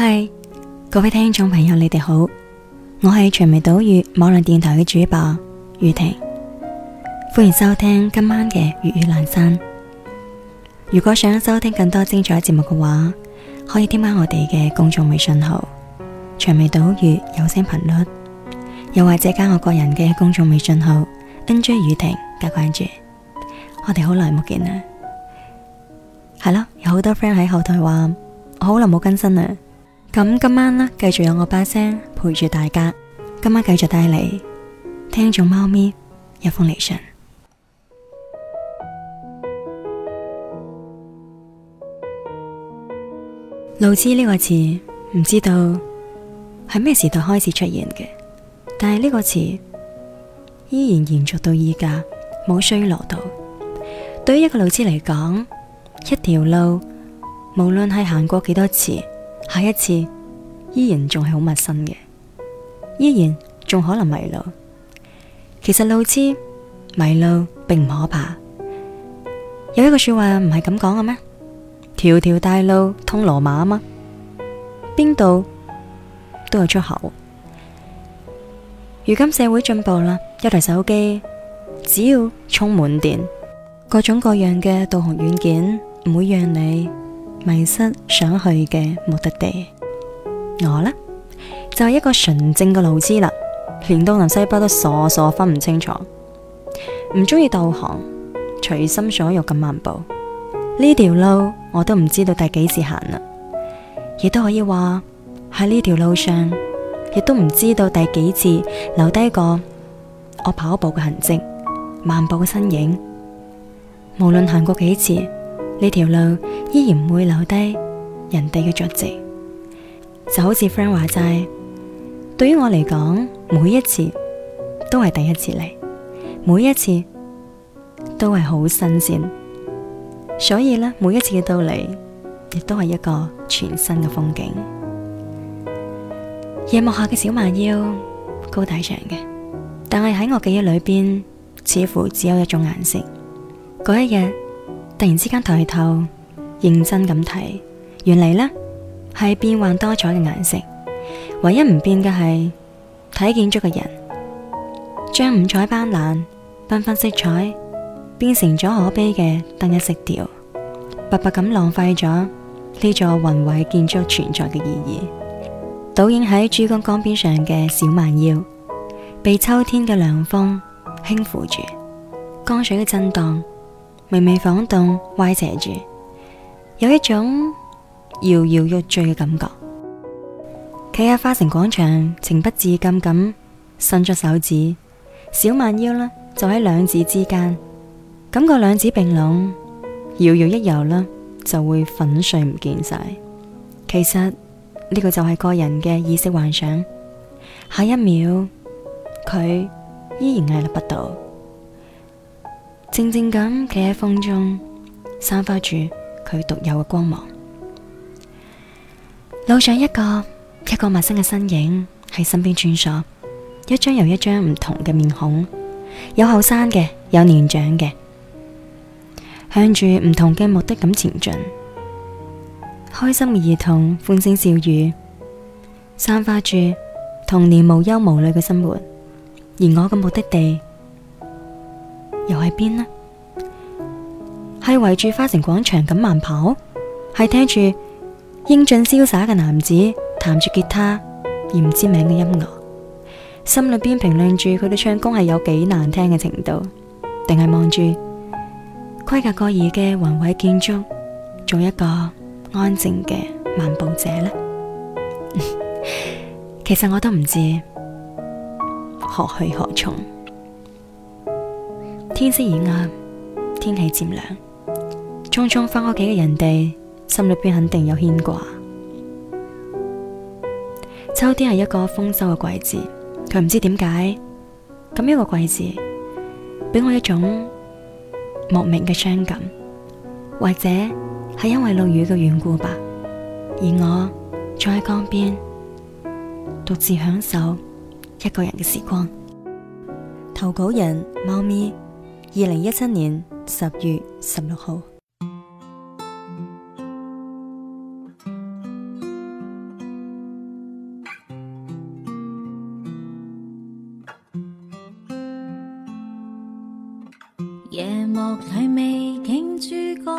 係、hey, 各位聽眾朋友，你哋好，我係長眉島嶼網絡電台嘅主播雨婷，歡迎收聽今晚嘅粵語闌珊。如果想收聽更多精彩節目嘅話，可以添加我哋嘅公眾微信號長眉島嶼有聲頻率，又或者加我個人嘅公眾微信號 nj 雨婷加關注。我哋好耐冇見啦，係啦，有好多 friend 喺後台話我好耐冇更新啦。咁今晚呢，繼續有我把聲陪住大家。今晚繼續帶嚟聽眾貓咪一封嚟信。路痴呢個詞唔知道係咩時代開始出現嘅，但係呢個詞依然延續到依家冇衰落到。對於一個路痴嚟講，一條路無論係行過幾多次。下一次依然仲係好陌生嘅，依然仲可能迷路。其實路痴迷路並唔可怕。有一個說話唔係咁講嘅咩？條條大路通羅馬嘛，邊度都有出口。如今社會進步啦，一台手機只要充滿電，各種各樣嘅導航軟件唔會讓你。迷失想去嘅目的地，我呢，就係一個純正嘅路痴啦，連東南西北都傻傻分唔清楚，唔中意導航，隨心所欲咁漫步，呢條路我都唔知道第幾次行啦，亦都可以話喺呢條路上，亦都唔知道第幾次留低過我跑步嘅痕跡、漫步嘅身影，無論行過幾次呢條路。依然唔會留低人哋嘅足跡，就好似 friend 話齋，對於我嚟講，每一次都係第一次嚟，每一次都係好新鮮，所以呢，每一次嘅到嚟亦都係一個全新嘅風景。夜幕下嘅小蠻腰高大上嘅，但係喺我記憶裏邊，似乎只有一種顏色。嗰一日突然之間抬頭。認真咁睇，原嚟呢係變幻多彩嘅顏色，唯一唔變嘅係睇建築嘅人，將五彩斑斕、繽紛色彩變成咗可悲嘅單一色調，白白咁浪費咗呢座宏偉建築存在嘅意義。倒影喺珠江江邊上嘅小蠻腰，被秋天嘅涼風輕撫住，江水嘅震盪微微晃動，歪斜住。有一種搖搖欲墜嘅感覺，企喺花城廣場，情不自禁咁伸咗手指，小蠻腰呢，就喺兩指之間，感覺兩指併攏，搖搖一搖啦，就會粉碎唔見晒。其實，呢個就係個人嘅意識幻想。下一秒，佢依然屹立不倒，靜靜咁企喺風中，散發住。佢獨有嘅光芒。路上一個一個陌生嘅身影喺身邊穿梭，一張又一張唔同嘅面孔，有後生嘅，有年長嘅，向住唔同嘅目的地前進。開心嘅兒童歡聲笑語，散發住童年無憂無慮嘅生活。而我嘅目的地又喺邊呢？係圍住花城廣場咁慢跑，係聽住英俊瀟灑嘅男子彈住吉他而唔知名嘅音樂，心裏邊評論住佢哋唱功係有幾難聽嘅程度，定係望住規格各異嘅宏偉建築，做一個安靜嘅漫步者呢？ 其實我都唔知何去何從。天色已暗，天氣漸涼。匆匆翻屋企嘅人哋，心裏邊肯定有牽掛。秋天係一個豐收嘅季節，佢唔知點解咁一個季節，俾我一種莫名嘅傷感，或者係因為落雨嘅緣故吧。而我坐喺江邊，獨自享受一個人嘅時光。投稿人：貓咪，二零一七年十月十六號。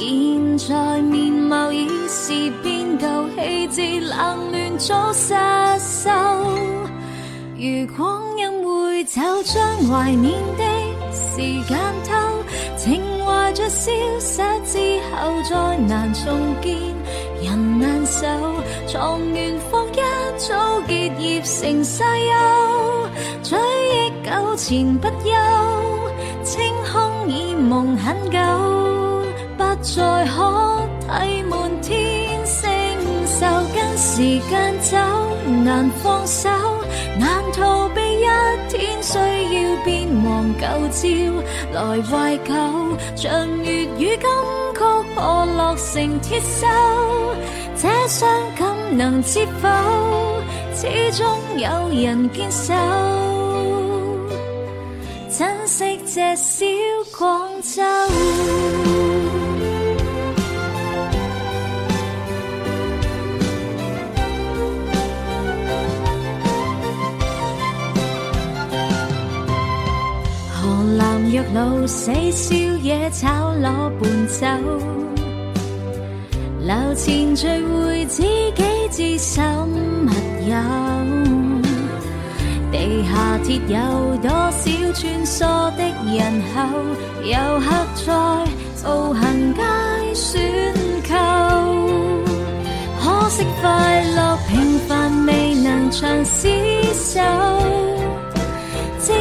現在面貌已是變舊，氣節冷暖早失收。如光陰回走，將懷念的時間偷。情懷着消失之後，再難重見人難守。藏完花一早結業成世丘，追憶久纏不休，清空已夢很久。再可睇滿天星，就跟時間走，難放手，難逃避一天需要變，忘舊照來懷舊，像粵語金曲破落成鐵鏽，這傷感能接否？始終有人堅守，珍惜這小廣州。老死宵夜炒螺伴走，樓前聚會知己知心密友，地下鐵有多少穿梭的人口，遊客在步行街選購，可惜快樂平凡未能長廝守。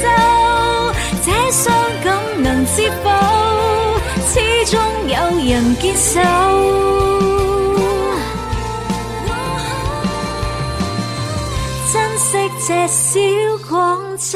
這傷感能接報，始終有人堅守。 珍惜這小廣州。